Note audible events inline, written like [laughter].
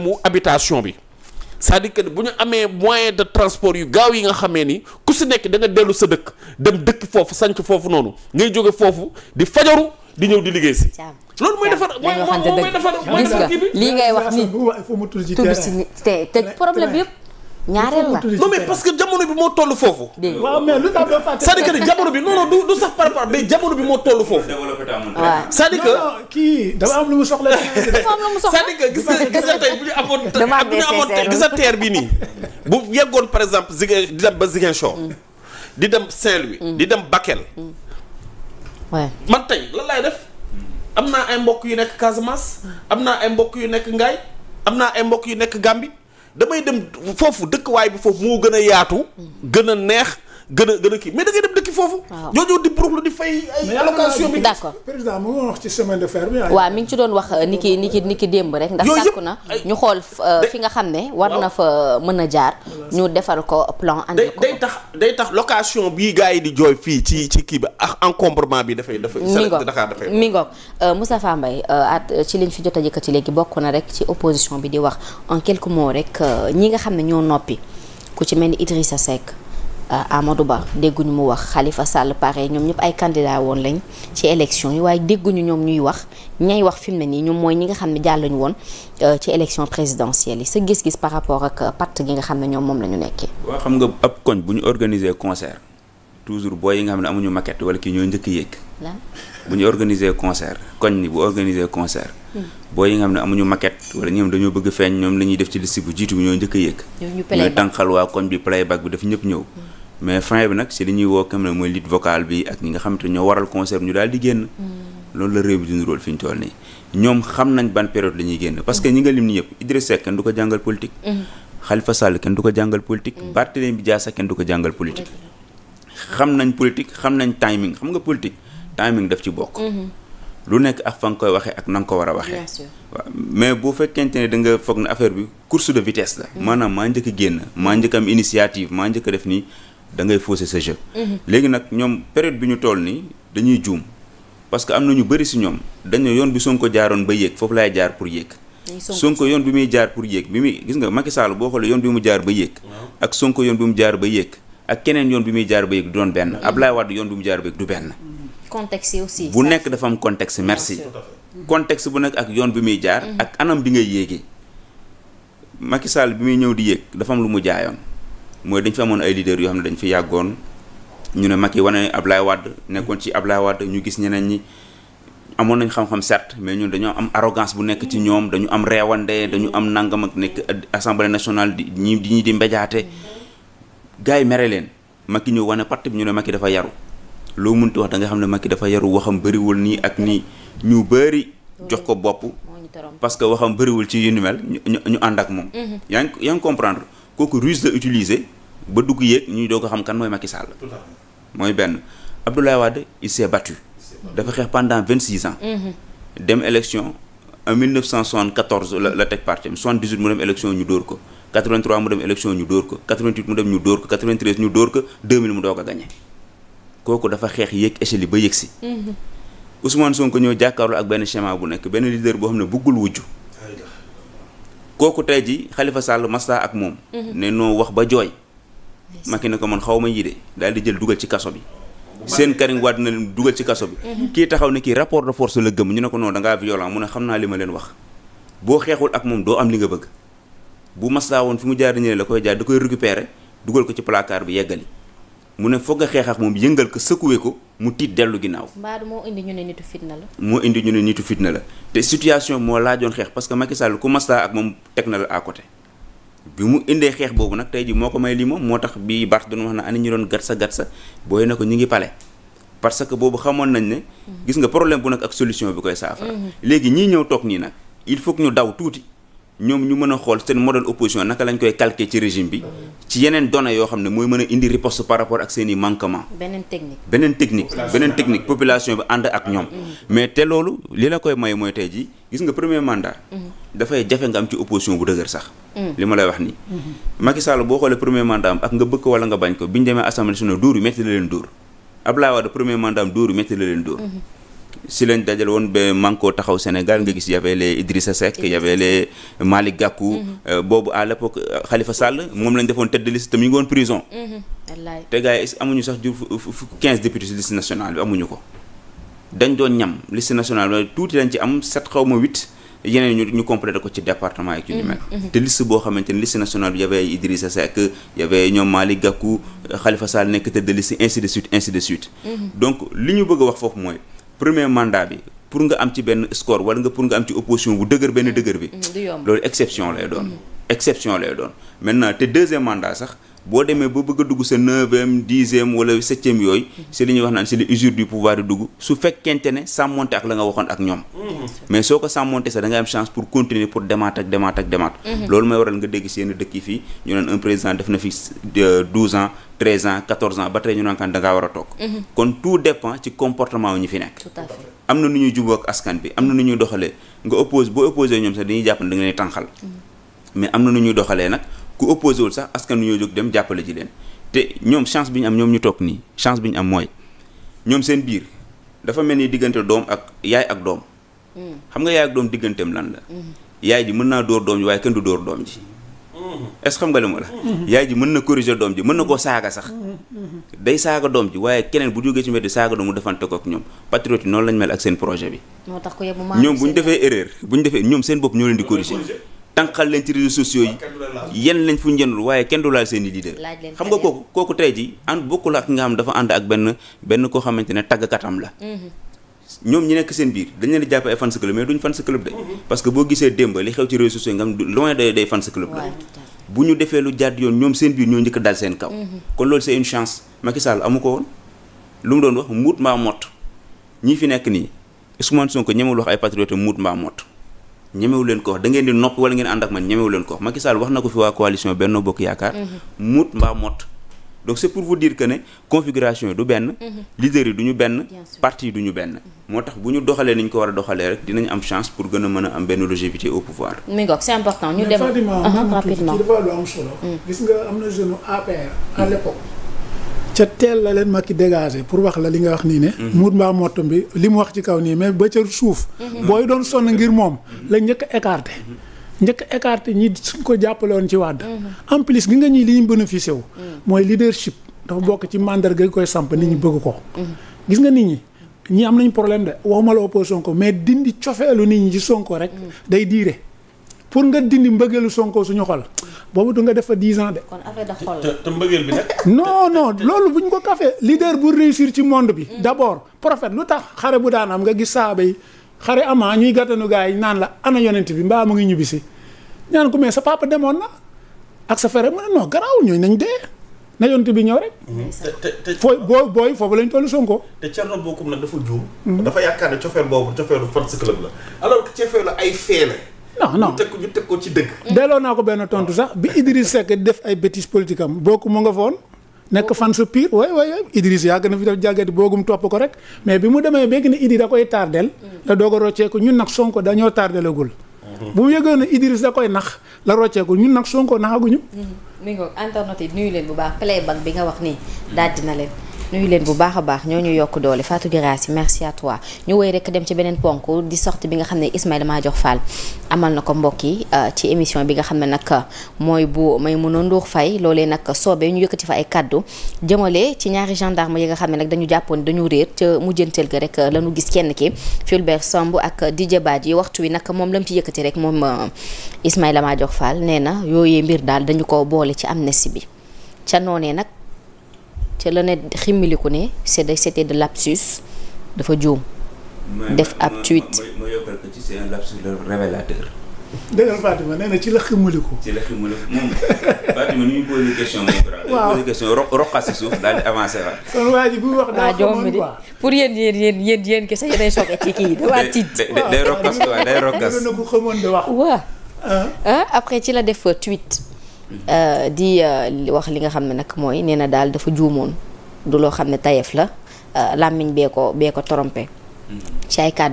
mu habitation bi sa à dire bu ñu amee moyen de transport yu gaaw yi nga xamee ni ku si nekk da nga dellu sa dëkk dem dëkk foofu sanc foofu noonu ngay jóge foofu di fajaru di ñëw di liggéey si. loolu mooy defar mooy mooy defar mooy defar kii bi. lii ngay wax nii tudd si te te problème yëpp. ñaareel mais parce que jamono bi moo toll foofu. waaw mais lu jamono bi non non du du sax par rapport mais jamono bi moo toll foofu. waaw c'est-à-dire am lu mu soxla. dafa am lu mu soxla cest à gis gis nga tey bu ñu amoon. [laughs] damaa nii. bu yeggoon par exemple Ziguin di dem ba Ziguinchor. Mm. di dem Saint-Louis. Mm. di dem Bakel. Mm. man tey lan laay def. am naa ay mbokk yu nekk Casamance. am naa ay mbokk yu nekk ngaay am naa ay mbokk yu nekk Gambie. damay dem foofu dëkkuwaay bi foofu moo gën a yaatu. gën a neex gën a gën a kii mais da dem dëkki foofu. waaw ñoo di buruxlu di fay ay mu ngi ci chemin de fer mi ngi ci doon wax euh, ni ki ni ki ni ki démb rek. ndax sàkku na ñu xool euh, fi nga xam ne. war na fa euh, mën a jaar. ñu defar ko plan andi tax day tax location bii gars yi di jooy fii ci ci kii bi ak encombrement bi dafay. dafay select Dakar dafay. mi ngoog Moustapha Mbaye at ci liñ fi jot a yëkkati léegi bokk na rek ci opposition bi di wax en quelques mots rek ñi nga xam ne ñoo noppi ku ci mel ni Idrissa Seck Euh, Amadou Ba dégguñu mu wax Khalifa Sall pare ñoom ñëpp ay candidat woon lañ ci élection yi waaye dégguñu ñoom ñuy wax ñay wax fi mu ne nii ñoom mooy ñi nga xam ne ñu woon euh, ci élection présidentielle yi sa gis-gis par rapport ak euh, parti gi nga xam ne ñoom moom la ñu nekkee. waaw xam nga ab koñ bu ñu organiser concert toujours booy yi nga xam ne amuñu maquette wala kii ñoo njëkk yéeg. bu ñu organiser concert koñ ni bu organiser concert. Hmm. boo yi nga xam ne amuñu maquette wala ñoom dañoo bëgg feeñ ñoom la ñuy def ci liste bu jiitu bi ñoo njëkk a yëg. ñooy tànqal waa koñ bi playback bi ñëpp ñëw. Hmm. mais fin bi nag si li ñuy woo kam mooy lead vocal bi ak ñi nga xamante ñoo waral concert ñu daal di génn mm. loolu la réew bi dund rôle fi ñu toll nii ñoom xam nañ ban période la ñuy génn parce que ñi nga lim ni yëpp Idriss Seck kenn du ko jàngal politique mm. Khalifa Sall kenn du ko jàngal bi mm. Barthélémy Dias kenn du ko jàngal politique xam nañ politique xam nañ timing xam nga politique timing daf ci bokk mm-hmm. lu nekk ak fa nga koy waxee ak na nga ko war a waxee waaw mais bu fekkente ne da nga foog ne affaire bi course de vitesse maanaam maa njëkk génn maa am initiative maa njëkk a def nii da ngay fausser sa jeu. Mhm. léegi nag ñoom période bi ñu tool nii dañuy juum parce que am na ñu bëri si ñoom dañu yoon bi Sonko jaaroon ba yéeg foofu laay jaar pour yéeg. Sonko yoon bi muy jaar pour yéeg bi muy gis nga Macky Sall boo yoon bi mu jaar ba yéeg. ak Sonko yoon bi mu jaar ba yéeg. ak keneen yoon bi muy jaar ba yéeg du doon benn mm-hmm. Abdoulaye Wade yoon bi mu jaar ba yéeg du benn. Mm-hmm. contexte aussi. bu nekk dafa am contexte merci. contexte bu nekk ak yoon bi muy jaar. Mm-hmm. ak anam bi ngay yéegee. Macky bi muy ñëw di yéeg dafam lu mu jaayoon. mooy dañ fi amoon ay leaders yoo xam ne dañ fi yàggoon ñu ne yi wane Ablaye Wade nekkoon ci Ablaye Wade ñu gis ñeneen ñi amoon nañ xam-xam certes mais ñun dañoo am arrogance bu nekk ci ñoom dañu am reewande dañu am nangam ak nekk assemblée nationale di ñi di ñi di mbéjaate gars yi mere leen yi ñëw wane parti bi ñu ne yi dafa yaru loo mënti wax da nga xam ne mag Macky dafa yaru waxam bëriwul nii ak nii ñu bëri jox ko bopp parce que waxam bëriwul ci yu ni mel ñu ànd ak moom mm-hmm. yaa ngi kooku ruse la utiliser ba dugg yéeg ñuy doog a xam kan mooy Macky Sall. mooy benn Abdoulaye Wade il s'est battu. dafa xeex pendant vingt six ans. Mhm. dem élection en 1974 la la teg parti am 78 mu dem élection ñu dóor ko 83 mu dem élection ñu dóor ko 88 mu dem ñu dóor ko 93 ñu dóor ko 2000 mu doog a gagné kooku dafa xeex yéeg échelle ba yéeg si. Mhm. Ousmane Sonko ñëw jàkkaarloo ak kooku tey ji Khalifa Sall masta ak moom. Mhm. ne noo wax ba jooy. Macky ne ko man xaw ma yii de daal di jël dugal ci kaso bi. seen Karim Wade na leen dugal ci kaso bi. Mhm. kii taxaw ne kii rapport de force la gëm ñu ne ko non da ngaa violent mu ne xam naa li ma leen wax. boo xeexul ak moom doo am li nga bëgg bu maslaa woon fi mu jaar ñëwee la koy jaar di koy récupérer dugal ko ci placard bi yeggali. mu ne foog nga xeex ak moom yëngal ko secoué ko mu tiit dellu ginnaaw. Mbaa moo indi ñu ne nitu fitna la. moo indi ñu ne nitu la te situation moo laajoon xeex parce que Macky Sall ku masta ak moom teg na la à côté bi mu indee xeex boobu nag tey ji moo ko may lii moom moo tax bii Barth doon wax na ani ñu doon gat sa gat sa booy na ko ñu ngi pale parce que boobu xamoon nañ ne. gis nga problème bu nag ak solution bi koy saafara. Mm-hmm. léegi ñii ñëw toog nii nag il faut ñu daw tuuti. ñoom ñu mën a xool seen modèle opposition naka lañ koy calquer ci régime bi ci yeneen données yoo xam ne mooy mën a indi riposte par rapport ak seen manquement beneen technique beneen technique beneen bi ànd ak ñoom mm-hmm. mais te loolu li la koy may mooy tey ji gis nga premier mandat mm-hmm. dafay jafe nga am ci opposition bu dëgër sax mm-hmm. li ma lay wax nii Macky Sall boo xoolee premier mandat ak nga bëgg ko nga bañ ko bi ñu demee assemblée nationale dóor yu si lañ dajal woon ba Manko taxaw Sénégal nga gis y avait les Idrissa Seck y avait les Malick Gakou mhm. euh, boobu à l'époque Khalifa Sall moom lañ defoon tête de te mu ngi woon prison mhm. te gars yi amuñu sax ju quinze députés si nationale bi amuñu ko dañ doon ñam liste nationale tuuti lañ ci am sept xaw huit yeneen ñu ñu ko ci département yi mhm. te liste boo xamante ni liste nationale bi y avait Idrissa Seck y ñoom Malick Gakou Khalifa Sall nekk tête de a wax foofu premier mandat bi pour nga am ci benn score wala nga pour nga am ci opposition bu dëgër benn dëgër bi. Mm, loolu exception lay doon. Mm-hmm. exception lay doon maintenant te deuxième mandat sax. boo demee ba bëgg a dugg sa neuvième dixième wala septième yooyu c'est mhm. li ñuy wax naan c'est l'usure du pouvoir di dugg su fekkente ne sàmmonte ak la nga waxoon ak ñoom mhm. mais soo ko sàmmonte sax da nga am chance pour continuer pour demaat ak demaat ak demaat mhm. loolu mooy waral nga dégg si yenn dëkk yi fii ñu naan un président def na fi douze ans treize ans quatorze ans ba tey ñu naan kan da war a toog kon tout dépend ci comportement wu ñu fi nekk am na nu ñuy juboo ak askan bi am na nu ñuy doxalee nga oppose boo opposé ñoom sax dañuy jàpp ne da nga leen tànqal mais am na nu ñuy doxalee nag ku opposé wul sax askan wi ñoo jóg dem jàppale ji leen te ñoom chance bi ñu am ñoom ñu toog nii chance bi ñu am mooy ñoom seen biir dafa mel ni diggante doom ak yaay ak doom. Hmm. xam nga yaay ak doom digganteem lan la. Hmm. yaay ji mën naa dóor doom ji waaye kenn du dóor doom ji. Hmm. est-ce que xam nga li ma la. yaay ji mën na corriger doom ji mën na koo saaga sax. day saaga doom ji waaye keneen bu jógee ci mbedd saaga doom mu defante ko ak ñoom patriote noonu lañ mel ak bi. moo tax ko yóbbu ñoom bu tànqal leen ci réseaux sociaux yi yenn lañ fu ñu waaye kenn du laal seen i leader xam nga kooku kooku tey ji ànd bokkul ak nga xam dafa ànd ak benn benn koo xamante ne tàggkatam la mhm. ñoom ñi nekk seen biir dañ leen di jàpp ay fans club mais duñ fans club de mhm. parce que boo gisee démb li xew ci réseaux sociaux yi nga xam loin de day club la bu ñu defee lu jàdd yoon ñoom seen biir ñoo njëkk dal seen kaw mhm. kon loolu c'est une chance Macky Sall amu ko woon doon wax muut mbaa mott ñii fi nekk nii Ousmane Sonko ñemul wax ay patriote muut mbaa mott ñemewu leen ko wax da ngeen di noppi wala ngeen ànd ak man ñemewu leen ko wax Macky Sall wax na ko fi waa coalition Benno Bokk Yaakaar. muut mhm. mbaa mott. donc c' pour vous dire que ne configuration yi du benn. Mhm. leader yi du ñu benn. parti du ñu benn. moo tax bu ñu doxalee ni ñu ko war a doxalee rek dinañ am chance pour gën a mën a am benn longévité au pouvoir. mi ngoog c' est mhm, mm. nga am na mm. l' époque. ca teel la leen Macky dégagé pour wax la li nga wax nii ne mhm. muut mbaa mottom bi li mu wax ci kaw nii mais ba ca suuf mhm. booy doon sonn ngir moom la njëkk a écarté mhm. njëkk a ñi suñ ko jàppale woon ci wàdd en plus gi nga ñii li ñu bénéficié wu mooy leadership dafa bokk ci mandarga gi koy samp nit ñi bëgg ko gis nga nit ñi ñi am nañ problème de waxuma la opposition ko mais dindi cofeelu nit ñi ci Sonko rek day diire pour nga dindi mbëggeelu Sonko suñu xol boobu du nga def fa dix ans de. kon affaire te mbëggeel bi nag. non loolu bu ñu ko kafee leader bu réussir ci monde bi. Mm. d' abord prophète lu tax xare bu daan am nga gis saaba yi xare ama ñuy gàttanu gars yi naan la ana yonent bi mbaa mu ngi ñibbisi ñaan ko mais sa papa demoon na ak sa frère mu ne non garaawul nañ dee. na yont bi ñëw rek. Mm-hmm. te te fooy booy booy foofu lañ toll Sonko. te Thierno Bocoum nag dafa juum. Mm-hmm. dafa yaakaar ne cofeel boobu cofeelu fan club la alors que non non ñu teg ko ci dëgg. delloo naa ko benn tontu sax bi Idriss Seck def ay bêtises politique am bokk mu nga foon. nekk fan su pire waaye way way Idriss yàgg na fi def jàggati boogum topp ko rek mais bi mu demee bégg na Idriss da koy tardel mm. la doog ko rocceeku ñun nag Sonko dañoo tardelagul mm-hmm. bu mu yëgoon ne da koy nax la rocceeku ñun nag Sonko naxaguñu. Mm-hmm. mi ngi ko internet yi nuyu leen bu baax playback bi nga wax nii daaj na leen. nuyu leen bu baax a baax ñoo ñu yokk doole Fatou Guirassy merci à toi ñu woy rek dem ci beneen ponk di sortie bi nga xam ne Ismaïla Madior Fall amal na ko mbokk yi euh, ci émission bi nga xam ne nag mooy bu Maïmouna Ndour Faye loolee nag soobee ñu yëkkati fa ay kaddu jëmale ci ñaari gendarme yi nga xam ne nag dañu jàppoon dañu réer ca mujjanteel rek lañu gis kenn ki Fulbert Samb ak Didier Badji waxtu wi nag moom lam ci yëkkati rek moom euh, Ismaïla Madior Fall nee na yooyee mbir daal dañu ko boole ci am amnistie bi ca noonee nag ca la ne ximmiliku ne c'est c'était de lapsus dafa juum. def ab tweet ma yokkal ko ci c'est un lapsus révélateur. [laughs] si suuf daal di avancé waa pour yéen yéen yéen yéen yéen kese yéenay choqué ci kii da tiit. day roqas quoi [laughs] day roqas. na ko xamoon de ah. ah, après ci la def tweet. Euh, di euh, wax li nga xam ne nag mooy nee na daal dafa juumoon du loo xam ne tayef la euh, làmmiñ bee ko bee ko trompé. Mm. ci ay